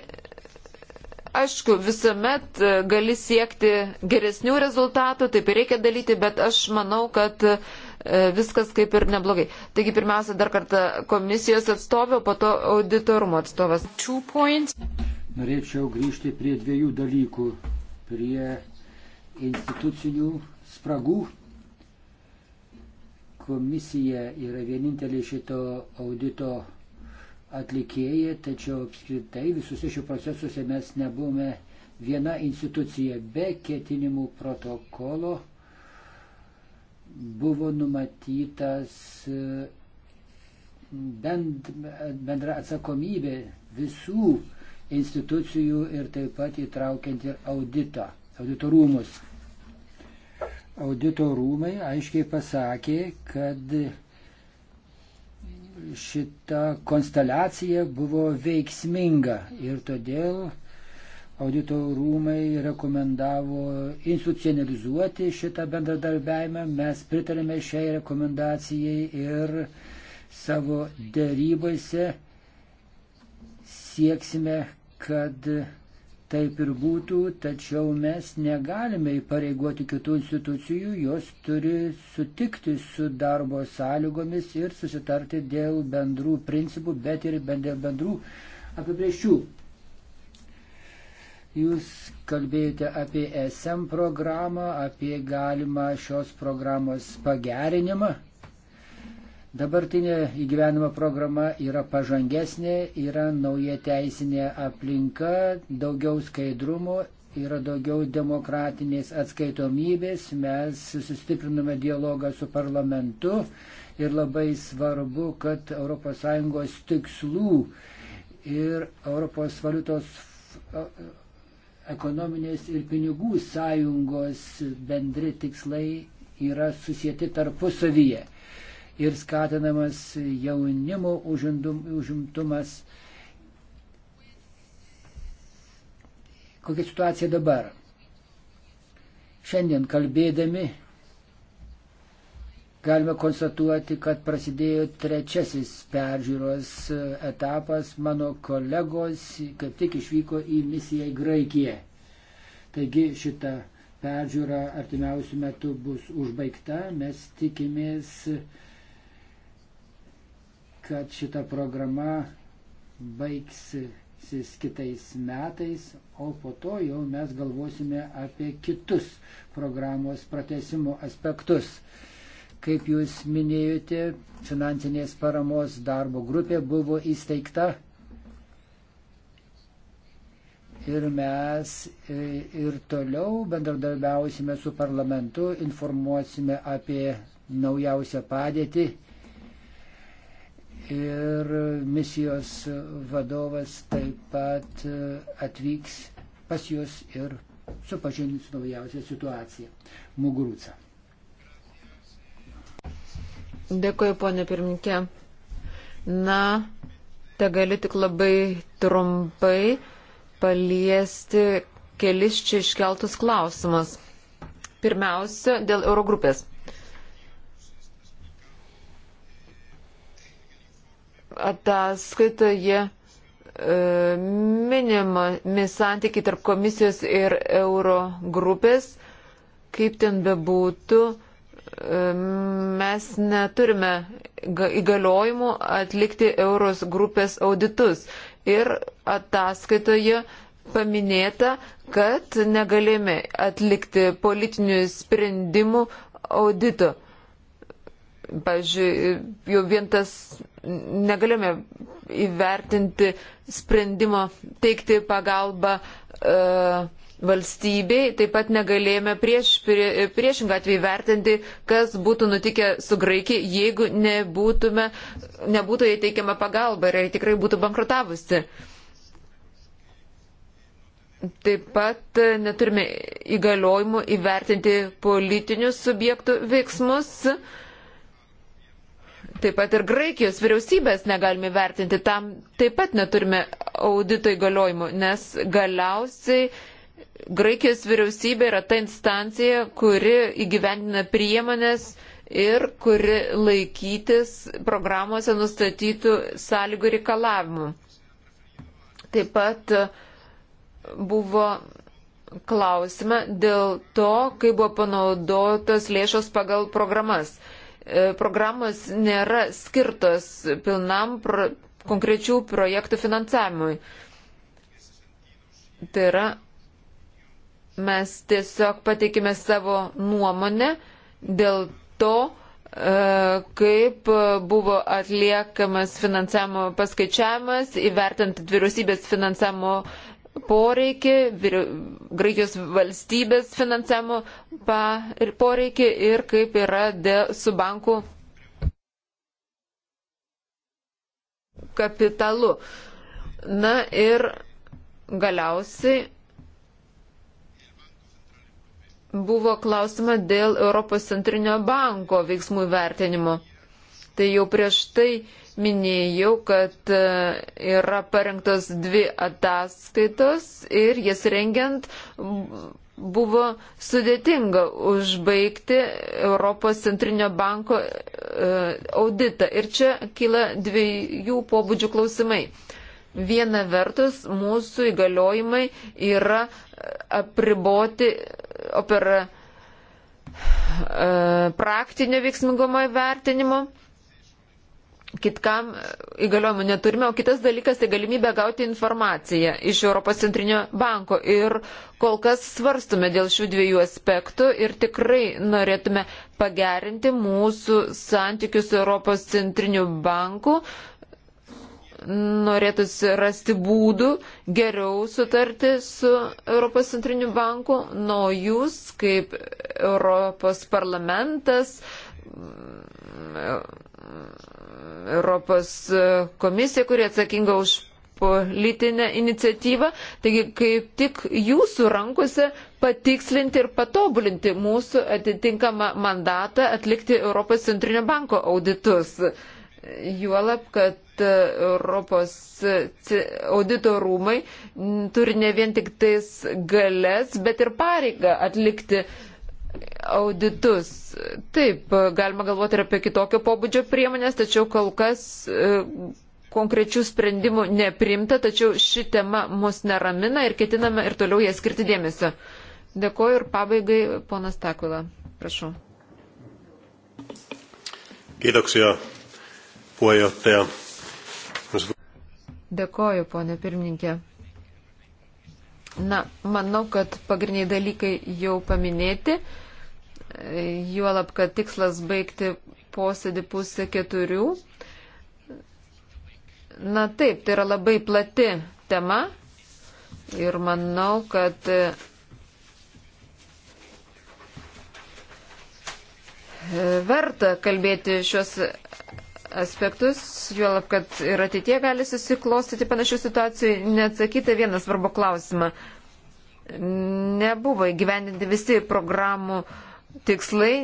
Aišku, visuomet e, gali siekti geresnių rezultatų, taip ir reikia dalyti, bet aš manau, kad e, viskas kaip ir neblogai. Taigi pirmiausia, dar kartą komisijos atstovė, po to auditorumo atstovas. Norėčiau grįžti prie dviejų dalykų. Prie institucinių spragų. Komisija yra vienintelė šito audito atlikėjai, tačiau apskritai visuose šių procesuose mes nebuvome viena institucija be ketinimų protokolo buvo numatytas e, bend, bendra atsakomybė visų institucijų ir taip pat įtraukiant ir auditą, auditorumus. Auditorumai aiškiai pasakė, kad šita konsteliacija buvo veiksminga ir todėl audito rūmai rekomendavo institucionalizuoti šitą bendradarbiavimą. Mes pritarėme šiai rekomendacijai ir savo dėrybose sieksime, kad taip ir būtų, tačiau mes negalime įpareigoti kitų institucijų, jos turi sutikti su darbo sąlygomis ir susitarti dėl bendrų principų, bet ir dėl bendrų apibrieščių. Jūs kalbėjote apie SM programą, apie galimą šios programos pagerinimą. Dabartinė įgyvenimo programa yra pažangesnė, yra nauja teisinė aplinka, daugiau skaidrumo, yra daugiau demokratinės atskaitomybės, mes sustiprinome dialogą su parlamentu ir labai svarbu, kad ES tikslų ir Europos valiutos ekonominės ir pinigų sąjungos bendri tikslai yra susijęti tarpusavyje ir skatinamas jaunimo užimtumas. Kokia situacija dabar? Šiandien kalbėdami galime konstatuoti, kad prasidėjo trečiasis peržiūros etapas. Mano kolegos kaip tik išvyko į misiją į Graikiją. Taigi šita peržiūra artimiausių metų bus užbaigta. Mes tikimės kad šita programa baigsis kitais metais, o po to jau mes galvosime apie kitus programos pratesimo aspektus. Kaip jūs minėjote, finansinės paramos darbo grupė buvo įsteigta ir mes e, ir toliau bendradarbiausime su parlamentu, informuosime apie naujausią padėtį ir misijos vadovas taip pat e, atvyks pas jūs ir supažindins su naujausia situacija. Mugurūca. Dėkuoju, ponė pirminkė. Na, te gali tik labai trumpai paliesti kelis čia iškeltus klausimus. Pirmiausia, dėl Eurogrupės. ataskaitoje minimami santykiai tarp komisijos ir euro grupės, kaip ten bebūtų, e, mes neturime įgaliojimų atlikti euros grupės auditus. Ir ataskaitoje paminėta, kad negalime atlikti politinių sprendimų audito. Pavyzdžiui, jau vien tas negalime įvertinti sprendimo teikti pagalbą uh, valstybei, taip pat negalėjome prieš, prie, priešingą atveju vertinti, kas būtų nutikę su Graikija, jeigu nebūtume, nebūtų jai teikiama pagalba ir jai tikrai būtų bankrutavusi. Taip pat e, neturime įgaliojimų įvertinti politinius subjektų veiksmus. Uh, Taip pat ir Graikijos vyriausybės negalime vertinti, tam taip pat neturime audito įgaliojimų, nes galiausiai Graikijos vyriausybė yra ta instancija, kuri įgyvendina priemonės ir kuri laikytis programuose nustatytų sąlygų reikalavimų. Taip pat buvo klausimą dėl to, kaip buvo panaudotos lėšos pagal programas. E, programos nėra skirtos pilnam pro, konkrečių projektų finansavimui. Tai yra, mes tiesiog pateikime savo nuomonę dėl to, e, kaip buvo atliekamas finansavimo paskaičiavimas, įvertinti vyriausybės finansavimo uh, poreikį, Graikijos valstybės finansavimo poreikį ir kaip yra dėl, su bankų kapitalu. Na ir galiausiai buvo klausima dėl Europos centrinio banko veiksmų vertinimo. Tai jau prieš tai minėjau, kad e, yra parengtos dvi ataskaitos ir jas rengiant buvo sudėtinga užbaigti Europos centrinio banko e, auditą. Ir čia kyla dviejų pobūdžių klausimai. Viena vertus, mūsų įgaliojimai yra apriboti opera e, praktinio veiksmingumo įvertinimo kitkam įgaliojimų neturime, o kitas dalykas tai galimybė gauti informaciją iš Europos centrinio banko. Ir kol kas svarstume dėl šių dviejų aspektų ir tikrai norėtume pagerinti mūsų santykius su Europos centriniu banku. Norėtųsi rasti būdų geriau sutarti su Europos centriniu banku, nuo jūs kaip Europos parlamentas Europos komisija, kuri atsakinga už politinę iniciatyvą. Taigi kaip tik jūsų rankose patikslinti ir patobulinti mūsų atitinkamą mandatą atlikti Europos centrinio banko auditus. Juolab, kad e, Europos audito rūmai turi ne vien tik tais galės, bet ir pareigą atlikti auditus. Taip, galima galvoti ir apie kitokio pobūdžio priemonės, tačiau kol kas e, konkrečių sprendimų neprimta, tačiau ši tema mus neramina ir ketiname ir toliau ją skirti dėmesio. Dėkoju ir pabaigai ponas Takula. Prašau. Kiitoksia, puheenjohtaja. Dėkoju, ponė pirmininkė. Na, manau, kad pagrindiniai dalykai jau paminėti, e, juolab, kad tikslas baigti posėdį pusę keturių. Na taip, tai yra labai plati tema ir manau, kad e, verta kalbėti šios aspektus, juolab, kad ir ateitie gali susiklostyti panašių situacijų, neatsakyta vieną svarbų klausimą. Nebuvo įgyvendinti visi programų tikslai,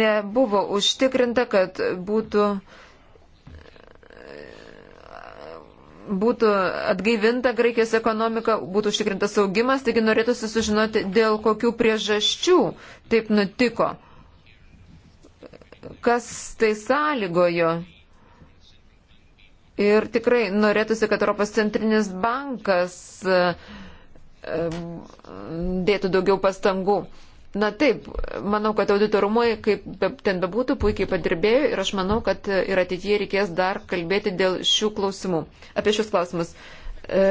nebuvo užtikrinta, kad būtų, būtų atgaivinta Graikijos ekonomika, būtų užtikrintas augimas, taigi norėtųsi sužinoti, dėl kokių priežasčių taip nutiko. Kas tai sąlygojo? Ir tikrai norėtųsi, kad Europos centrinis bankas dėtų daugiau pastangų. Na taip, manau, kad auditorumai, kaip ten bebūtų, puikiai padirbėjo ir aš manau, kad ir ateityje reikės dar kalbėti dėl šių klausimų, apie šius klausimus. E,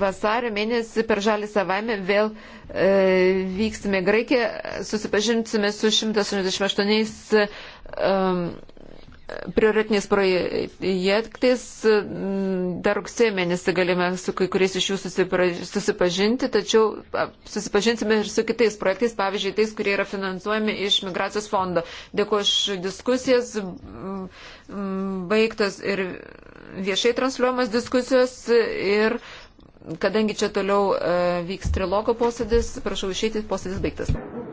vasario mėnesį per žalį savaime vėl e, vyksime Graikiją, susipažinsime su 188 e, prioritinės projektais. Dar rugsėjo mėnesį galime su kai kuriais iš jų susipažinti, tačiau susipažinsime ir su kitais projektais, pavyzdžiui, tais, kurie yra finansuojami iš migracijos fondo. Dėkuoju už diskusijas, baigtos ir viešai transliuojamas diskusijos ir kadangi čia toliau e, vyks trilogo posėdis, prašau išeiti, posėdis baigtas.